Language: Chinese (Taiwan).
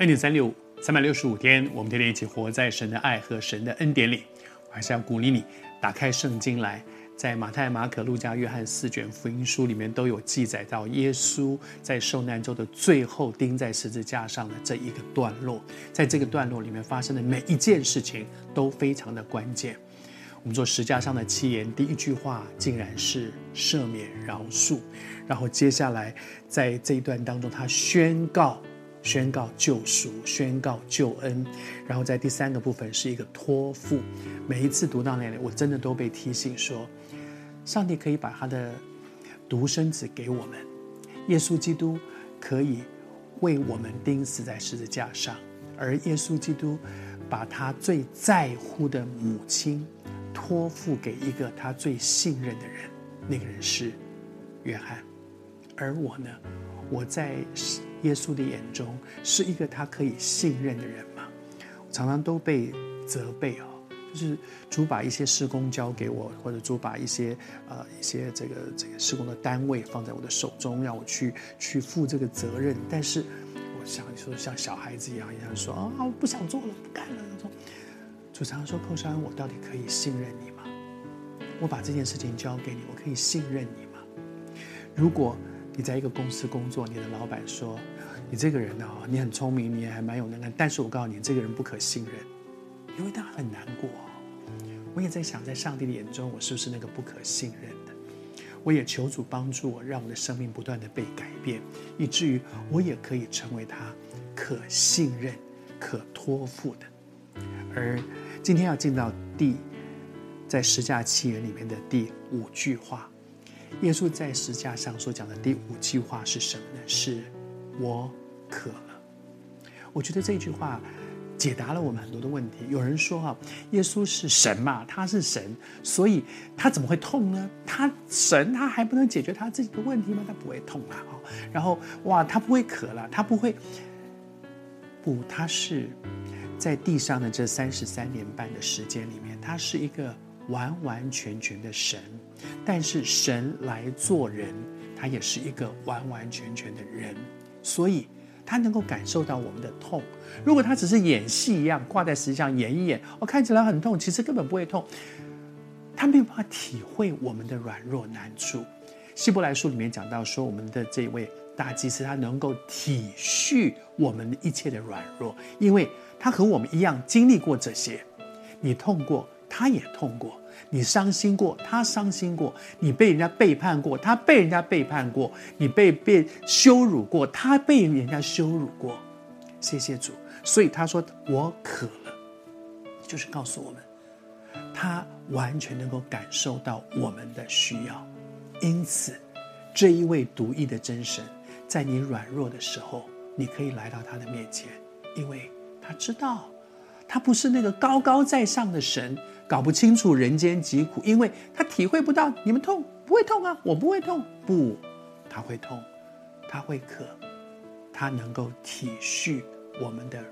恩典三六五，三百六十五天，我們天天一起活在神的愛和神的恩典裡。我還是要鼓勵你，打開聖經來，在馬太、馬可、路加、約翰四卷福音書裡面都有記載到耶穌在受難周的最後釘在十字架上的這一個段落。在這個段落裡面發生的每一件事情都非常的關鍵。我們做十字架上的七言，第一句話竟然是赦免、饒恕。然後接下來在這一段當中，他宣告。宣告救贖，宣告救恩，然後在第三個部分是一個托付。每一次讀到那裡，我真的都被提醒說，上帝可以把他的獨生子給我們，耶穌基督可以為我們釘死在十字架上，而耶穌基督把他最在乎的母親托付給一個他最信任的人，那個人是約翰。而我呢，我在。耶穌的眼中是一個他可以信任的人嗎？常常都被責備哦，就是主把一些事工交給我，或者主把一些呃一些這個這個事工的單位放在我的手中，讓我去去負這個責任。但是我想說，像小孩子一樣一樣說啊、哦，我不想做了，不幹了那種。主常說，寇山，我到底可以信任你嗎？我把這件事情交給你，我可以信任你嗎？如果。你在一個公司工作，你的老闆說：“你這個人呢、哦，你很聰明，你也還蠻有能量，但是我告訴你，你這個人不可信任，因為他很難過、哦。”我也在想，在上帝的眼中，我是不是那個不可信任的？我也求主幫助我，讓我的生命不斷的被改變，以至於我也可以成為他可信任、可托付的。而今天要進到第在十架七言裡面的第五句話。耶穌在十字架上所講的第五句話是什麼呢？是“我渴了”。我覺得這句話解答了我們很多的問題。有人說，啊：“哈，耶穌是神嘛？他是神，所以他怎麼會痛呢？他神，他還不能解決他自己的問題嗎？他不會痛了啊！”然後，哇，他不會渴了，他不會……不，他是在地上的這三十三年半的時間裡面，他是一個完完全全的神。但是神來做人，他也是一個完完全全的人，所以他能夠感受到我們的痛。如果他只是演戲一樣掛在十架上演一演，哦，看起來很痛，其實根本不會痛。他沒有辦法體會我們的軟弱難處。希伯來書裡面講到說，我們的這位大祭司他能夠體恤我們一切的軟弱，因為他和我們一樣經歷過這些。你痛過，他也痛過。你傷心過，他傷心過；你被人家背叛過，他被人家背叛過；你被被羞辱過，他被人家羞辱過。謝謝主，所以他說我渴了，就是告訴我們，他完全能夠感受到我們的需要。因此，這一位獨一的真神，在你軟弱的時候，你可以來到他的面前，因為他知道，他不是那個高高在上的神。搞不清楚人間疾苦，因為他體會不到你們痛，不會痛啊，我不會痛。不，他會痛，他會渴，他能夠體恤我們的。